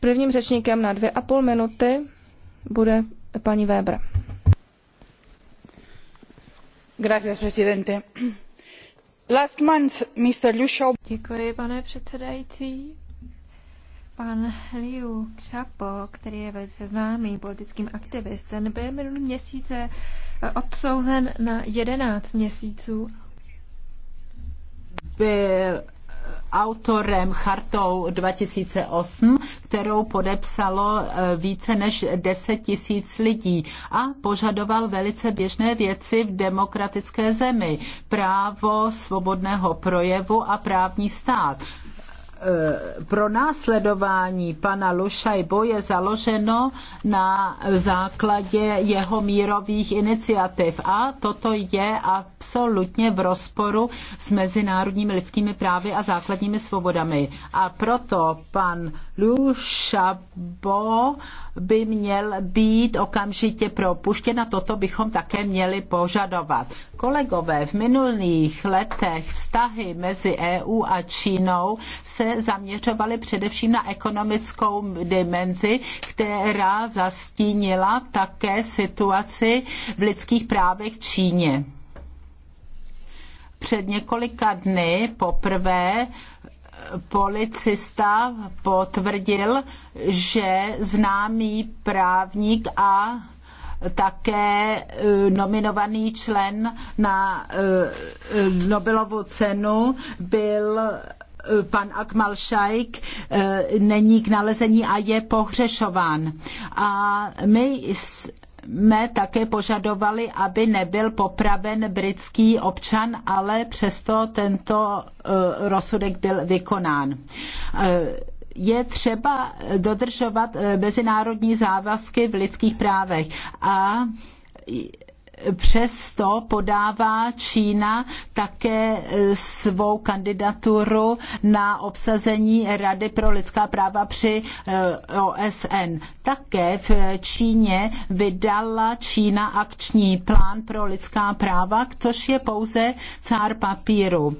Prvním řečníkem na dvě a půl minuty bude paní Weber. Gracias, presidente. Last month, Mr. Liu Děkuji, pane předsedající. Pan Liu Xiaobo, který je velice známý politickým aktivistem, byl minulý měsíce eh, odsouzen na 11 měsíců. Byl autorem chartou 2008, kterou podepsalo eh, více než 10 tisíc lidí a požadoval velice běžné věci v demokratické zemi. Právo svobodného projevu a právní stát. Eh, následování pana Lušajbo je založeno na základě jeho mírových iniciativ a toto je absolutně v rozporu s mezinárodními lidskými právy a základními svobodami. A proto pan Lušajbo by měl být okamžitě propuštěn a toto bychom také měli požadovat. Kolegové, v minulých letech vztahy mezi EU a Čínou se zaměřovali především na ekonomickou dimenzi, která zastínila také situaci v lidských právech v Číně. Před několika dny poprvé policista potvrdil, že známý právník a také e, nominovaný člen na e, e, Nobelovu cenu byl pan Akmal Šajk eh, není k nalezení a je pohřešován. A my jsme také požadovali, aby nebyl popraven britský občan, ale přesto tento eh, rozsudek byl vykonán eh, je třeba dodržovat mezinárodní závazky v lidských právech. A Přesto podává Čína také eh, svou kandidaturu na obsazení Rady pro lidská práva při eh, OSN. Také v Číně vydala Čína akční plán pro lidská práva, což je pouze cár papíru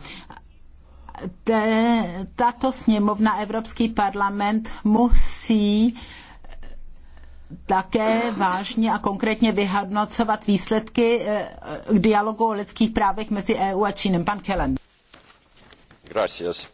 tato sněmovna, Evropský parlament musí také vážně a konkrétně vyhodnocovat výsledky k eh, dialogu o lidských právech mezi EU a Čínem. Pan Kellen. Gracias,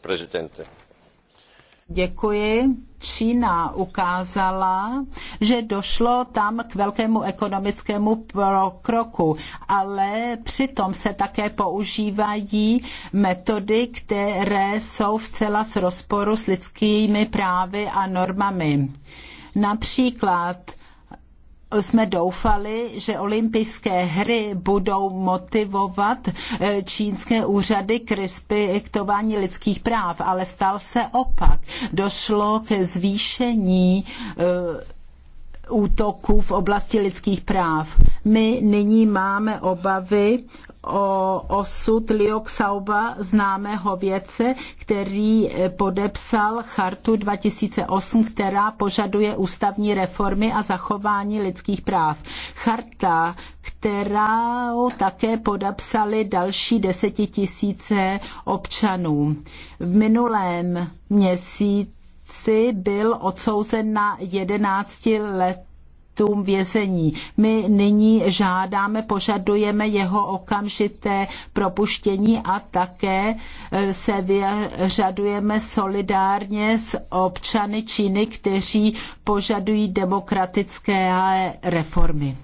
Děkuji. Čína ukázala, že došlo tam k velkému ekonomickému pokroku, ale přitom se také používají metody, které jsou vcela z rozporu s lidskými právy a normami. Například jsme doufali, že olympijské hry budou motivovat eh, čínské úřady k respektování lidských práv, ale stal se opak. Došlo ke zvýšení eh, útoků v oblasti lidských práv. My nyní máme obavy o osud Liu Xiaoba, známého vědce, který eh, podepsal chartu 2008, která požaduje ústavní reformy a zachování lidských práv. Charta, která také podepsali další desetitisíce občanů. V minulém měsíci otci byl odsouzen na 11 let vězení. My nyní žádáme, požadujeme jeho okamžité propuštění a také eh, se vyřadujeme solidárně s občany Číny, kteří požadují demokratické reformy.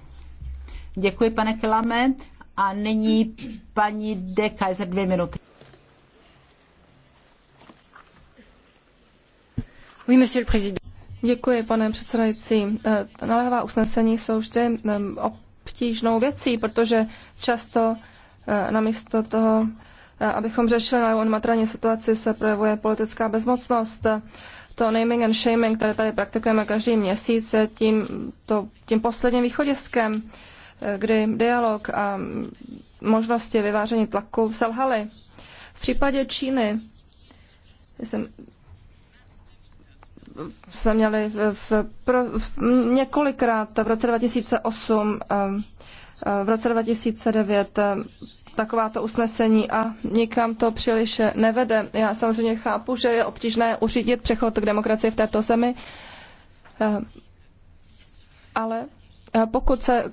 Děkuji, pane Kelame. A nyní paní Dekajzer dvě minuty. Děkuji, pane předsedající. Eh, naléhavá usnesení jsou vždy ehm, obtížnou věcí, protože často eh, namísto toho, eh, abychom řešili na matraní situaci, se projevuje politická bezmocnost. To naming and shaming, které tady praktikujeme každý měsíc, je tím, to, tím posledním východiskem, kdy dialog a mm, možnosti vyvážení tlaku selhaly. V případě Číny jsem jsme měli v, pro, v, několikrát v roce 2008, v roce 2009 takováto usnesení a nikam to příliš nevede. Já samozřejmě chápu, že je obtížné uřídit přechod k demokracii v této zemi, ale e, pokud se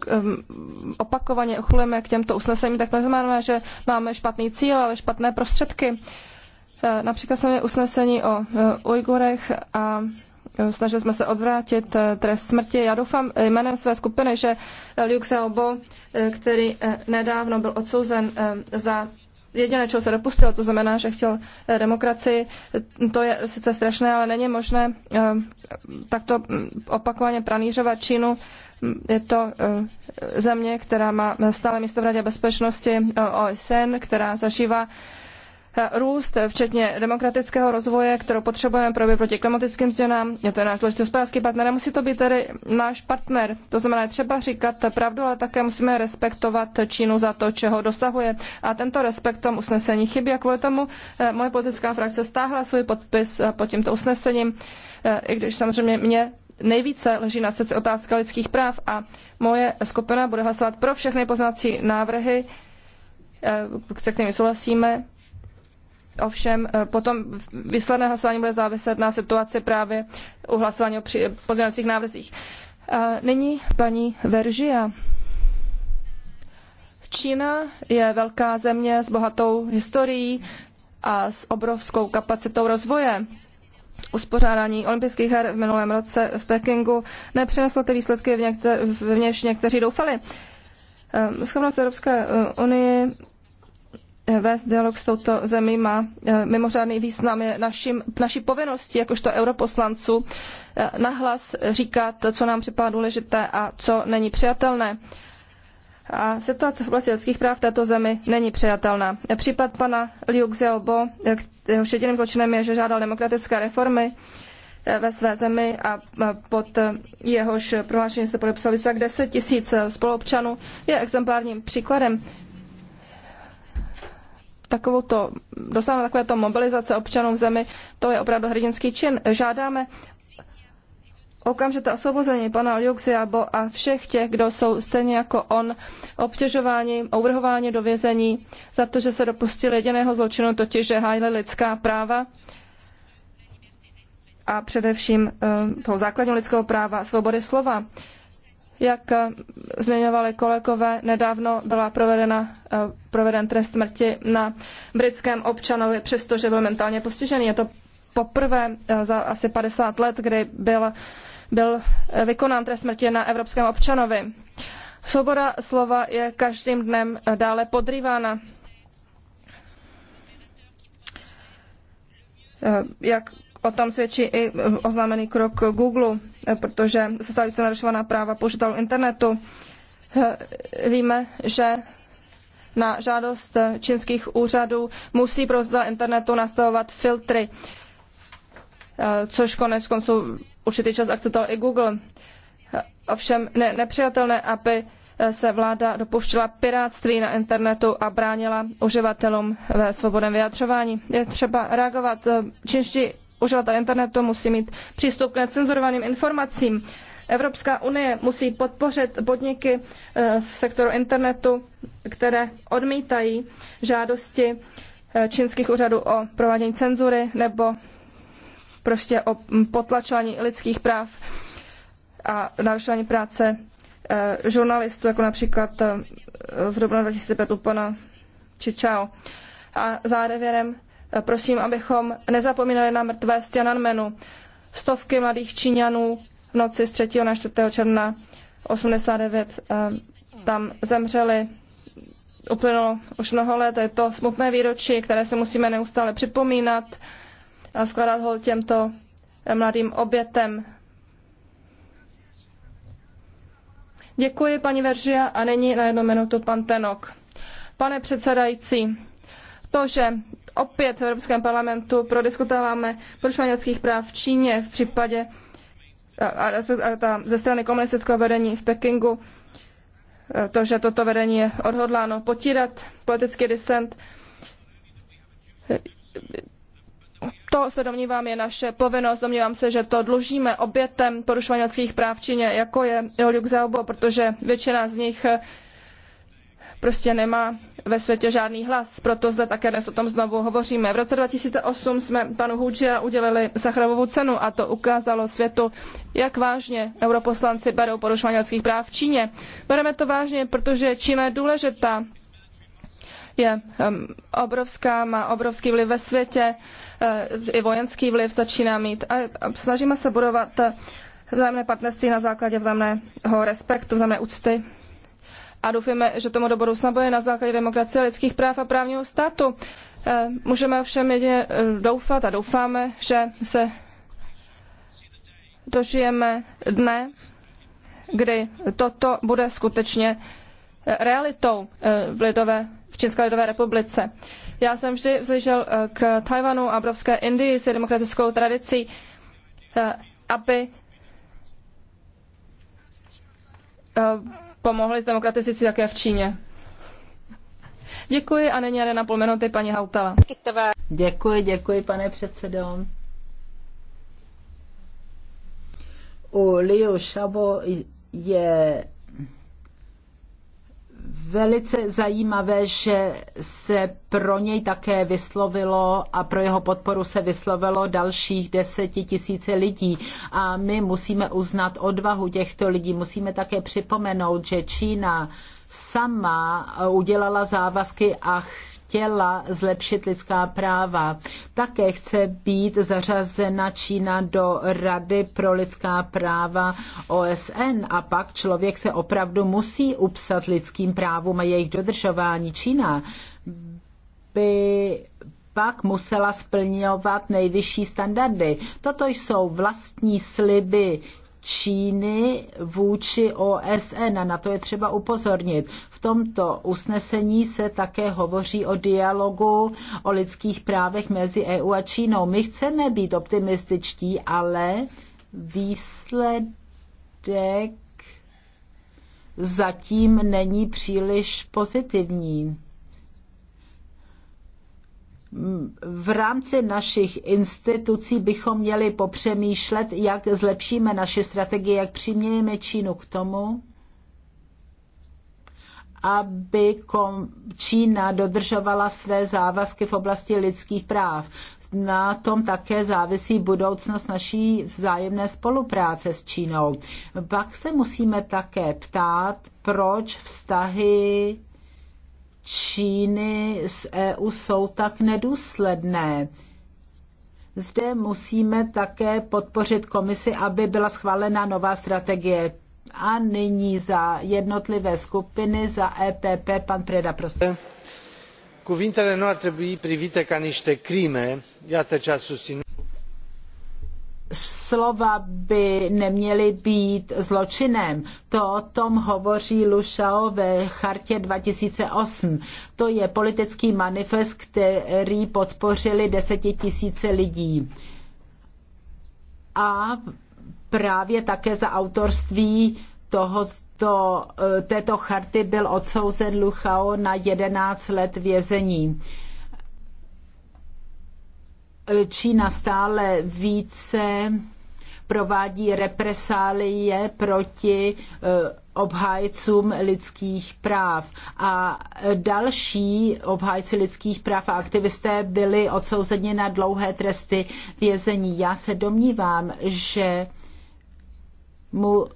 opakovaně uchulujeme k těmto usnesením, tak to znamená, že máme špatný cíl, ale špatné prostředky. Eh, například jsme usnesení o eh, Ujgurech a eh, snažili jsme se odvrátit trest smrti. Já doufám jménem své skupiny, že Liu Xiaobo, který nedávno byl odsouzen za jediné, čeho se dopustil, to znamená, že chtěl demokracii, to je sice strašné, ale není možné takto mm, opakovaně pranířovat Čínu. Mm, je to země, která má stále místo v Radě bezpečnosti OSN, která zažívá růst, včetně demokratického rozvoje, kterou potřebujeme pro boj proti klimatickým změnám. Je to náš důležitý hospodářský partner, a musí to být tedy náš partner. To znamená, třeba říkat pravdu, ale také musíme respektovat Čínu za to, čeho dosahuje. A tento respekt tom usnesení chybí a kvůli tomu eh, moje politická frakce stáhla svůj podpis eh, pod tímto usnesením, eh, i když samozřejmě mě nejvíce leží na srdci otázka lidských práv a moje skupina bude hlasovat pro všechny poznací návrhy, se kterými souhlasíme, Ovšem eh, potom výsledné hlasování bude záviset na situaci právě u hlasování o pozměňovacích návrzích. Nyní paní Veržia. Čína je velká země s bohatou historií a s obrovskou kapacitou rozvoje. Uspořádání olympijských her v minulém roce v Pekingu nepřineslo ty výsledky, v, někte- v něž někteří doufali. Eh, Schopnost Evropské eh, unie vést dialog s touto zemí má eh, mimořádný význam. Je naším, naší povinností, jakožto europoslanců, eh, nahlas říkat, co nám připadá důležité a co není přijatelné. A situace v oblasti lidských práv v této zemi není přijatelná. Případ pana Liu Xiaobo, eh, jeho jediným zločinem je, že žádal demokratické reformy ve své zemi a pod jehož prohlášení se podepsali tak 10 tisíc spoluobčanů, je exemplárním příkladem Takovou to, dosáhnout takovéto mobilizace občanů v zemi, to je opravdu hrdinský čin. Žádáme okamžité osvobození pana Liuxiabo a všech těch, kdo jsou stejně jako on obtěžováni, uvrhováni do vězení za to, že se dopustili jediného zločinu, totiž že hájili lidská práva a především eh, toho základního lidského práva svobody slova. Jak eh, zmiňovali kolegové, nedávno byla provedena, eh, proveden trest smrti na britském občanovi, přestože byl mentálně postižený. Je to poprvé eh, za asi 50 let, kdy byl, byl vykonán trest smrti na evropském občanovi. Svoboda slova je každým dnem dále podrývána. Jak O tom svědčí i e, oznámený krok Google, e, protože jsou stále více narušovaná práva použitelů internetu. Víme, že na žádost čínských úřadů musí provozovatel internetu nastavovat filtry, e, což konec konců určitý čas akceptoval i Google. Ovšem ne, nepřijatelné, aby se vláda dopouštěla pirátství na internetu a bránila uživatelům ve svobodném vyjadřování. Je třeba reagovat. Čínští uživatel internetu musí mít přístup k necenzurovaným informacím. Evropská unie musí podpořit podniky eh, v sektoru internetu, které odmítají žádosti eh, čínských úřadů o provádění cenzury nebo prostě o mm, potlačování lidských práv a narušování práce eh, žurnalistů, jako například v dubnu 2005 u pana Čičao. A závěrem Eh, prosím, abychom nezapomínali na mrtvé z Tiananmenu. Stovky mladých Číňanů v noci z 3. na 4. června 89 eh, tam zemřeli. Uplynulo už mnoho let, je to smutné výročí, které se musíme neustále připomínat a skladat ho těmto eh, mladým obětem. Děkuji, paní Veržia, a nyní na jednu minutu pan Tenok. Pane předsedající, to, že opět v Evropském parlamentu prodiskutováme porušování lidských práv v Číně v případě a, a, a ta, ze strany komunistického vedení v Pekingu, e, to, že toto vedení je odhodláno potírat politický disent. To se domnívám je naše povinnost. Domnívám se, že to dlužíme obětem porušování lidských práv v Číně, jako je Liu Xiaobo, protože většina z nich e, prostě nemá ve světě žádný hlas, proto zde také dnes o tom znovu hovoříme. V roce 2008 jsme panu Hůčia udělili Sacharovovu cenu a to ukázalo světu, jak vážně europoslanci berou porušování lidských práv v Číně. Bereme to vážně, protože Čína je důležitá je um, obrovská, má obrovský vliv ve světě, uh, i vojenský vliv začíná mít. A, a snažíme se budovat eh, vzájemné partnerství na základě vzájemného respektu, vzájemné úcty a doufáme, že tomu do budoucna bude na základě demokracie, lidských práv a právního státu. Eh, můžeme ovšem jedině eh, doufat a doufáme, že se dožijeme dne, kdy toto bude skutečně eh, realitou v, lidové, v Čínské lidové republice. Já jsem vždy vzlížel k Tajvanu a obrovské Indii s demokratickou tradicí, aby Eh, pomohli s demokratizací také v Číně. Děkuji a není na půl minuty paní Hautala. Děkuji, děkuji pane předsedo. U Liu Šabo je velice zajímavé, že se pro něj také vyslovilo a pro jeho podporu se vyslovilo dalších deseti tisíce lidí. A my musíme uznat odvahu těchto lidí. Musíme také připomenout, že Čína sama udělala závazky a chtěla zlepšit lidská práva. Také chce být zařazena Čína do Rady pro lidská práva OSN a pak člověk se opravdu musí upsat lidským právům a jejich dodržování. Čína by pak musela splňovat nejvyšší standardy. Toto jsou vlastní sliby Číny vůči OSN a na to je třeba upozornit. V tomto usnesení se také hovoří o dialogu o lidských právech mezi EU a Čínou. My chceme být optimističtí, ale výsledek zatím není příliš pozitivní v rámci našich institucí bychom měli popřemýšlet, jak zlepšíme naše strategie, jak přimějeme Čínu k tomu, aby Čína dodržovala své závazky v oblasti lidských práv. Na tom také závisí budoucnost naší vzájemné spolupráce s Čínou. Pak se musíme také ptát, proč vztahy Číny z EU jsou tak nedůsledné. Zde musíme také podpořit komisi, aby byla schválena nová strategie. A nyní za jednotlivé skupiny, za EPP, pan Preda, prosím. Cuvintele nu ar trebui privite ca niște crime, iată ce a susținut slova by neměly být zločinem. To o tom hovoří Lušao ve chartě 2008. To je politický manifest, který podpořili desetitisíce lidí. A právě také za autorství tohoto, této charty byl odsouzen Luchao na 11 let vězení Čína stále více provádí represálie proti eh, obhájcům lidských práv. A další obhájci lidských práv a aktivisté byli odsouzeni na dlouhé tresty vězení. Já se domnívám, že mu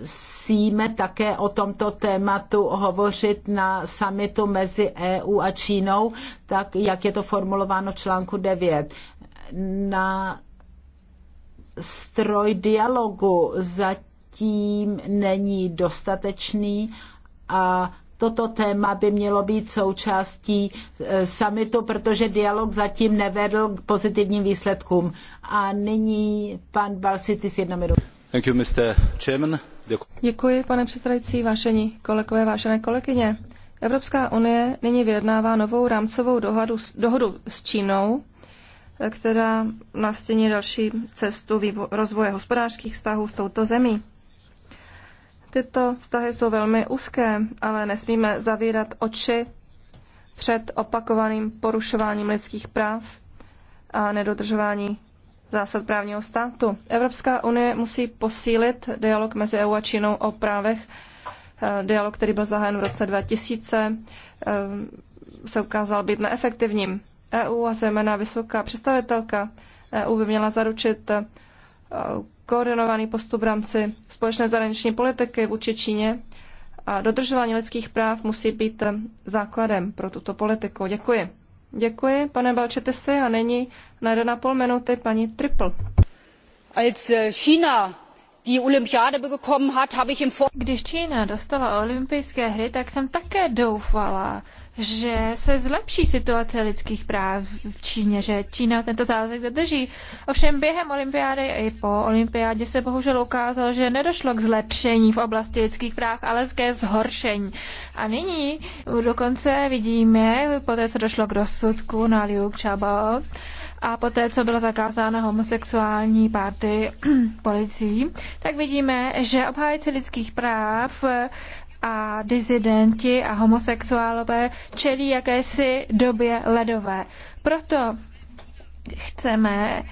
musíme také o tomto tématu hovořit na summitu mezi EU a Čínou, tak jak je to formulováno v článku 9. Na stroj dialogu zatím není dostatečný a toto téma by mělo být součástí e, summitu, protože dialog zatím nevedl k pozitivním výsledkům. A nyní pan Balsitis jedna minuta. Děkuji, pane předsedající, vážení kolegové, vážené kolegyně. Evropská unie nyní vyjednává novou rámcovou dohodu, s Čínou, eh, která nastíní další cestu rozvoje hospodářských vztahů s touto zemí. Tyto vztahy jsou velmi úzké, ale nesmíme zavírat oči před opakovaným porušováním lidských práv a nedodržování zásad právního státu. Evropská unie musí posílit dialog mezi EU a Čínou o právech. Eh, dialog, který byl zahájen v roce 2000, eh, se ukázal být neefektivním. EU a zejména vysoká představitelka EU by měla zaručit eh, koordinovaný postup v rámci společné zahraniční politiky vůči Číně a dodržování lidských práv musí být základem pro tuto politiku. Děkuji. Děkuji, pane Balčetesi, a není na 1,5 minuty paní Triple. Als China když Čína dostala olympijské hry, tak jsem také doufala, že se zlepší situace lidských práv v Číně, že Čína tento závazek dodrží. Ovšem během olympiády i po olympiádě se bohužel ukázalo, že nedošlo k zlepšení v oblasti lidských práv, ale ke zhoršení. A nyní dokonce vidíme, poté co došlo k rozsudku na Liu Xiaobo, a poté, co byla zakázána homosexuální párty policií, tak vidíme, že obhájci lidských práv a dizidenti a homosexuálové čelí jakési době ledové. Proto chceme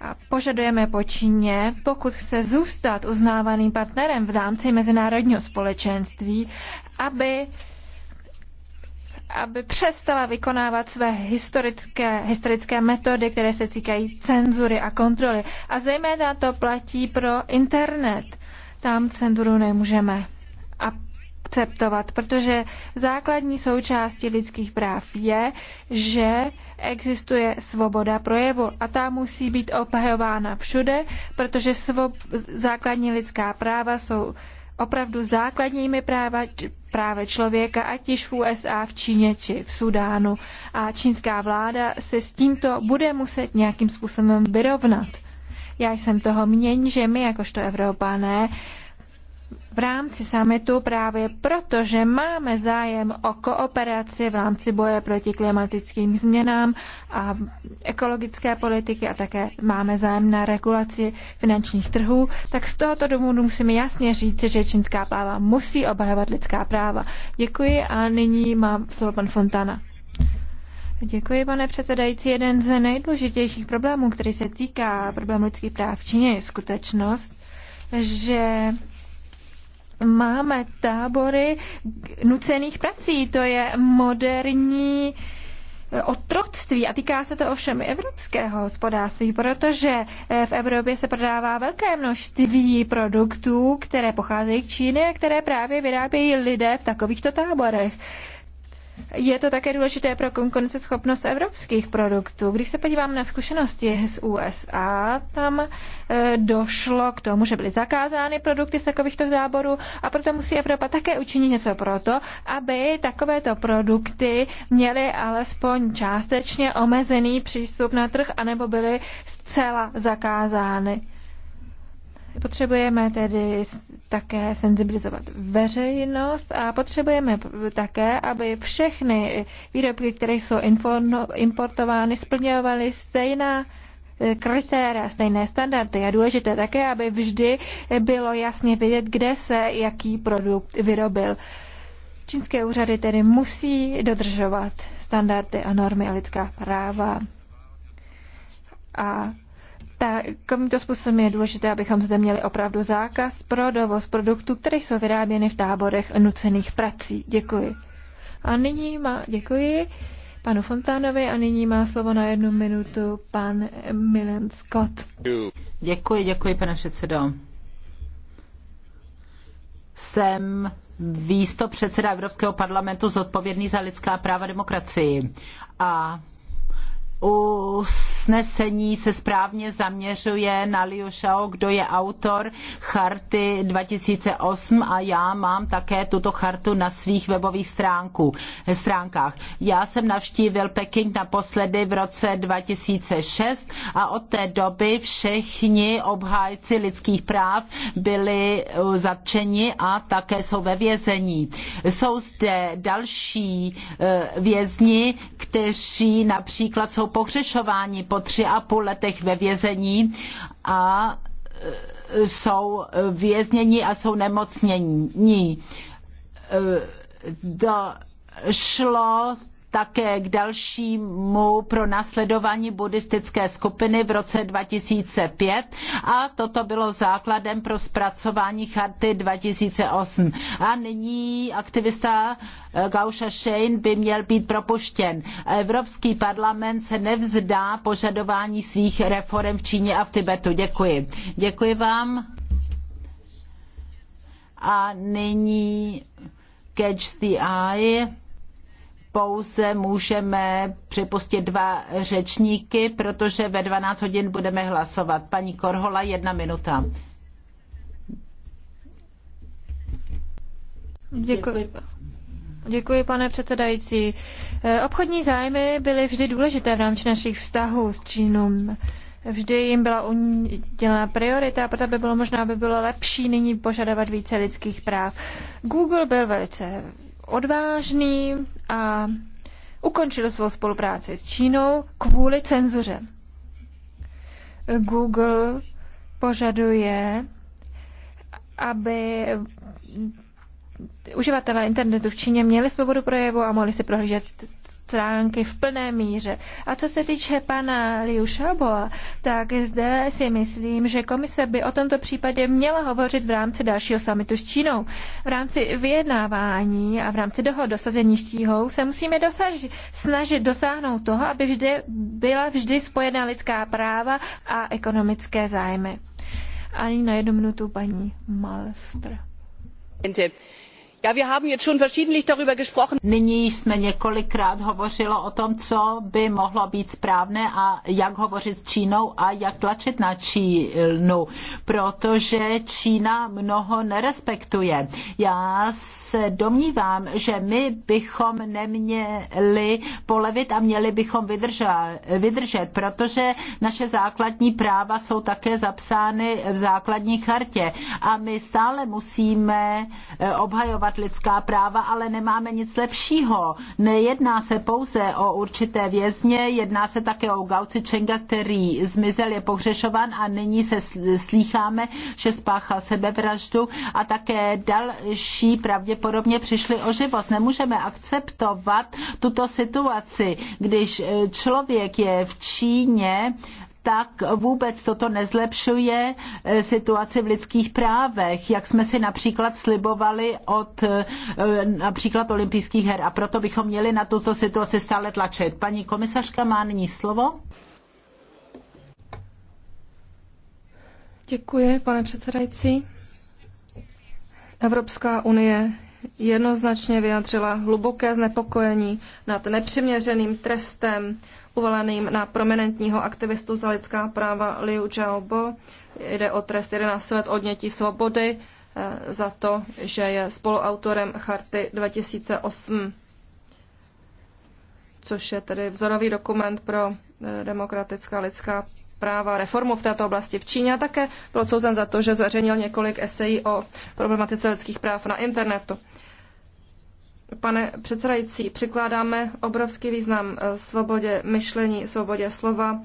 a požadujeme po Číně, pokud chce zůstat uznávaným partnerem v rámci mezinárodního společenství, aby aby přestala vykonávat své historické, historické metody, které se týkají cenzury a kontroly. A zejména to platí pro internet. Tam cenzuru nemůžeme akceptovat, protože základní součástí lidských práv je, že existuje svoboda projevu a ta musí být obhajována všude, protože svob- základní lidská práva jsou opravdu základními práva, právě člověka, ať již v USA, v Číně či v Sudánu. A čínská vláda se s tímto bude muset nějakým způsobem vyrovnat. Já jsem toho mění, že my, jakožto Evropané, v rámci summitu právě proto, že máme zájem o kooperaci v rámci boje proti klimatickým změnám a ekologické politiky a také máme zájem na regulaci finančních trhů, tak z tohoto důvodu musíme jasně říct, že čínská práva musí obhajovat lidská práva. Děkuji a nyní má slovo pan Fontana. Děkuji, pane předsedající. Jeden z nejdůležitějších problémů, který se týká problémů lidských práv v Číně, je skutečnost, že máme tábory nucených prací. To je moderní eh, otroctví a týká se to ovšem evropského hospodářství, protože eh, v Evropě se prodává velké množství produktů, které pocházejí z Číny a které právě vyrábějí lidé v takovýchto táborech je to také důležité pro konkurenceschopnost evropských produktů. Když se podíváme na zkušenosti z USA, tam e, došlo k tomu, že byly zakázány produkty z takovýchto záborů a proto musí Evropa také učinit něco proto, aby takovéto produkty měly alespoň částečně omezený přístup na trh anebo byly zcela zakázány. Potřebujeme tedy také senzibilizovat veřejnost a potřebujeme také, aby všechny výrobky, které jsou importovány, splňovaly stejná e, kritéria, stejné standardy. Je důležité také, aby vždy bylo jasně vidět, kde se jaký produkt vyrobil. Čínské úřady tedy musí dodržovat standardy a normy a lidská práva. A Takovýmto způsobem je důležité, abychom zde měli opravdu zákaz pro dovoz produktů, které jsou vyráběny v táborech nucených prací. Děkuji. A nyní má, děkuji panu Fontánovi a nyní má slovo na jednu minutu pan Milan Scott. Děkuji, děkuji, pane předsedo. Jsem výstup předseda Evropského parlamentu zodpovědný za lidská práva demokracii. A usnesení se správně zaměřuje na Liu Shao, kdo je autor charty 2008 a já mám také tuto chartu na svých webových stránku, stránkách. Já jsem navštívil Peking naposledy v roce 2006 a od té doby všichni obhájci lidských práv byli uh, zatčeni a také jsou ve vězení. Jsou zde další uh, vězni, kteří například jsou pohřešováni po tři a půl letech ve vězení a e, jsou vězněni a jsou nemocnění. E, Došlo také k dalšímu pronásledování buddhistické skupiny v roce 2005 a toto bylo základem pro zpracování charty 2008. A nyní aktivista eh, Gausha Shane by měl být propuštěn. Evropský parlament se nevzdá požadování svých reform v Číně a v Tibetu. Děkuji. Děkuji vám. A nyní Catch the Eye pouze můžeme připustit dva řečníky, protože ve 12 hodin budeme hlasovat. Paní Korhola, jedna minuta. Děkuji. Děkuji, pane předsedající. Eh, obchodní zájmy byly vždy důležité v rámci našich vztahů s Čínou. Vždy jim byla udělena priorita a proto by bylo možná, aby bylo lepší nyní požadovat více lidských práv. Google byl velice odvážný a ukončil svou spolupráci s Čínou kvůli cenzuře. Google požaduje, aby uživatelé internetu v Číně měli svobodu projevu a mohli si prohlížet stránky v plné míře. A co se týče pana Liu Shaboa, tak zde si myslím, že komise by o tomto případě měla hovořit v rámci dalšího samitu s Čínou. V rámci vyjednávání a v rámci dohod dosazení s Číhou se musíme dosaž, snažit dosáhnout toho, aby vždy byla vždy spojena lidská práva a ekonomické zájmy. Ani na jednu minutu paní Malstr. Nyní jsme několikrát hovořilo o tom, co by mohlo být správné a jak hovořit s Čínou a jak tlačit na Čínu, protože Čína mnoho nerespektuje. Já se domnívám, že my bychom neměli polevit a měli bychom vydržet, vydržet protože naše základní práva jsou také zapsány v základní chartě a my stále musíme eh, obhajovat respektovat lidská práva, ale nemáme nic lepšího. Nejedná se pouze o určité vězně, jedná se také o Gauci Čenga, který zmizel, je pohřešovan a nyní se slýcháme, že spáchal sebevraždu a také další pravděpodobně přišli o život. Nemůžeme akceptovat tuto situaci, když eh, člověk je v Číně, tak vůbec toto nezlepšuje eh, situaci v lidských právech, jak jsme si například slibovali od eh, například olympijských her. A proto bychom měli na tuto situaci stále tlačit. Paní komisařka má nyní slovo. Děkuji, pane předsedající. Evropská unie jednoznačně vyjádřila hluboké znepokojení nad nepřiměřeným trestem uvaleným na prominentního aktivistu za lidská práva Liu Xiaobo. Jde o trest 11 let odnětí svobody eh, za to, že je spoluautorem Charty 2008, což je tedy vzorový dokument pro eh, demokratická lidská práva, reformu v této oblasti v Číně a také byl odsouzen za to, že zveřejnil několik esejí o problematice lidských práv na internetu. Pane předsedající, přikládáme obrovský význam eh, svobodě myšlení, svobodě slova,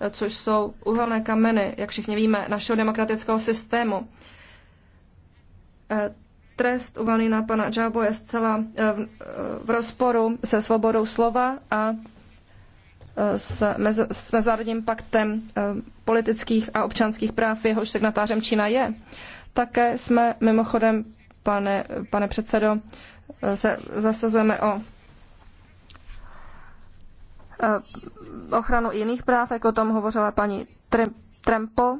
eh, což jsou uhelné kameny, jak všichni víme, našeho demokratického systému. Eh, trest uvalený na pana Džábo je zcela v rozporu se svobodou slova a s, s Mezinárodním paktem eh, politických a občanských práv, jehož signatářem Čína je. Také jsme mimochodem, pane, pane předsedo, eh, se zasazujeme o eh, ochranu jiných práv, jako o tom hovořila paní Trempl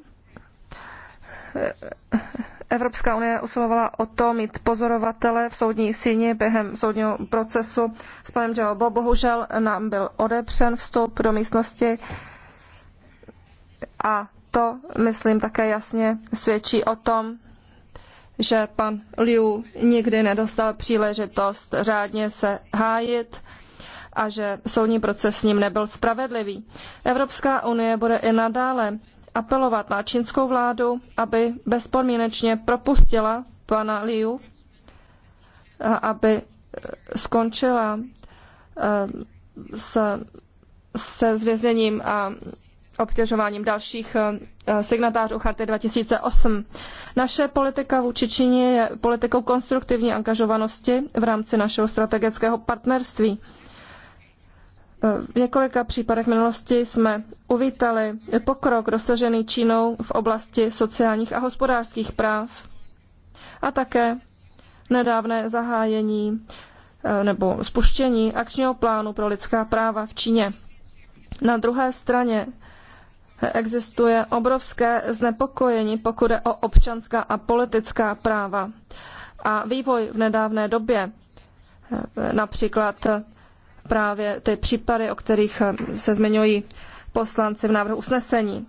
Evropská unie usilovala o to mít pozorovatele v soudní síni během soudního procesu s panem Jobo. Bohužel nám byl odepřen vstup do místnosti a to, myslím, také jasně svědčí o tom, že pan Liu nikdy nedostal příležitost řádně se hájit a že soudní proces s ním nebyl spravedlivý. Evropská unie bude i nadále apelovat na čínskou vládu, aby bezpodmínečně propustila pana Liu, aby e, skončila e, se zvězněním a obtěžováním dalších e, signatářů Charty 2008. Naše politika vůči Číně je politikou konstruktivní angažovanosti v rámci našeho strategického partnerství. V několika případech minulosti jsme uvítali pokrok dosažený Čínou v oblasti sociálních a hospodářských práv a také nedávné zahájení eh, nebo spuštění akčního plánu pro lidská práva v Číně. Na druhé straně existuje obrovské znepokojení, pokud je o občanská a politická práva a vývoj v nedávné době, eh, například právě ty případy, o kterých eh, se zmiňují poslanci v návrhu usnesení.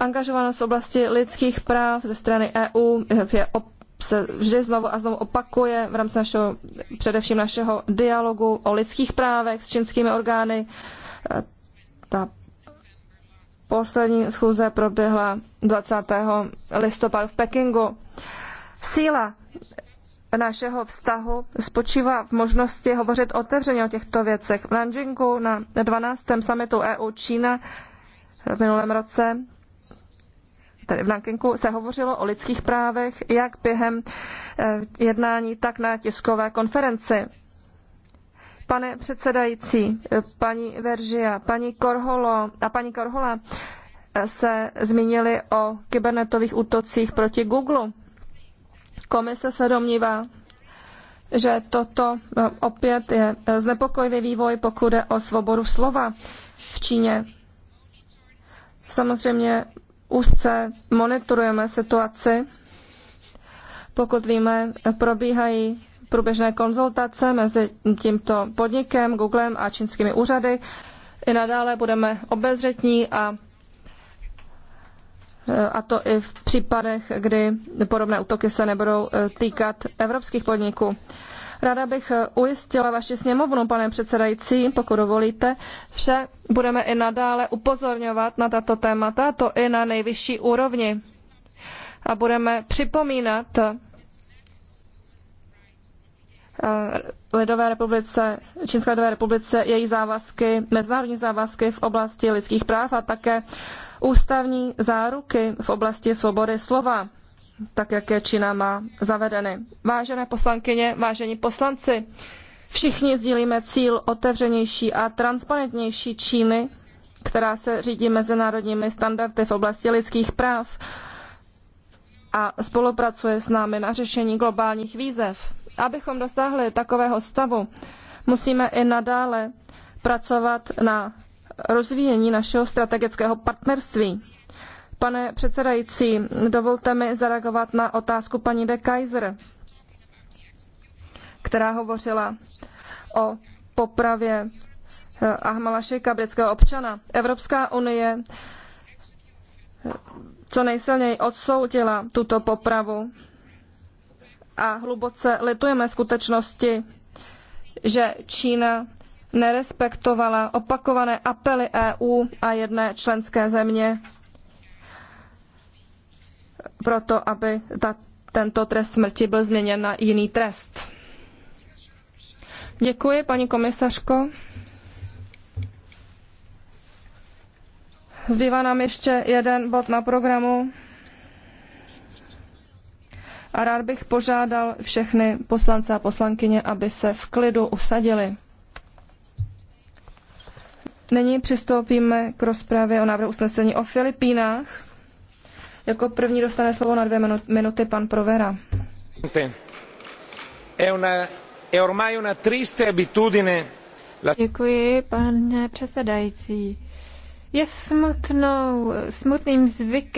Angažovanost v oblasti lidských práv ze strany EU je op- se vždy znovu a znovu opakuje v rámci našeho, především našeho dialogu o lidských právech s čínskými orgány. Eh, ta poslední schůze proběhla 20. listopadu v Pekingu. Síla našeho vztahu spočívá v možnosti hovořit otevřeně o těchto věcech. V Nanjingu na 12. summitu EU-Čína v minulém roce tady v Nankinku se hovořilo o lidských právech jak během eh, jednání, tak na tiskové konferenci. Pane předsedající, paní Veržia, paní Korholo a paní Korhola eh, se zmínili o kybernetových útocích proti Google. Komise se domnívá, že toto e, opět je e, znepokojivý vývoj, pokud je o svobodu slova v Číně. Samozřejmě úzce monitorujeme situaci. Pokud víme, probíhají průběžné konzultace mezi tímto podnikem, Googlem a čínskými úřady. I nadále budeme obezřetní a a to i v případech, kdy podobné útoky se nebudou eh, týkat evropských podniků. Ráda bych eh, ujistila vaši sněmovnu, pane předsedající, pokud dovolíte, že budeme i nadále upozorňovat na tato témata, to i na nejvyšší úrovni. A budeme připomínat eh, Lidové republice, Čínské lidové republice její závazky, mezinárodní závazky v oblasti lidských práv a také ústavní záruky v oblasti svobody slova, tak jak je Čína má zavedeny. Vážené poslankyně, vážení poslanci, všichni sdílíme cíl otevřenější a transparentnější Číny, která se řídí mezinárodními standardy v oblasti lidských práv a spolupracuje s námi na řešení globálních výzev. Abychom dosáhli takového stavu, musíme i nadále pracovat na rozvíjení našeho strategického partnerství. Pane předsedající, dovolte mi zareagovat na otázku paní de Kaiser, která hovořila o popravě eh, Ahmala Šejka, britského občana. Evropská unie eh, co nejsilněji odsoudila tuto popravu a hluboce litujeme skutečnosti, že Čína nerespektovala opakované apely EU a jedné členské země proto, aby ta, tento trest smrti byl změněn na jiný trest. Děkuji, paní komisařko. Zbývá nám ještě jeden bod na programu. A rád bych požádal všechny poslance a poslankyně, aby se v klidu usadili. Nyní přistoupíme k rozpravě o návrhu usnesení o Filipínách. Jako první dostane slovo na dvě minuty pan Provera. Děkuji, pane předsedající. Je smutnou, smutným zvykem,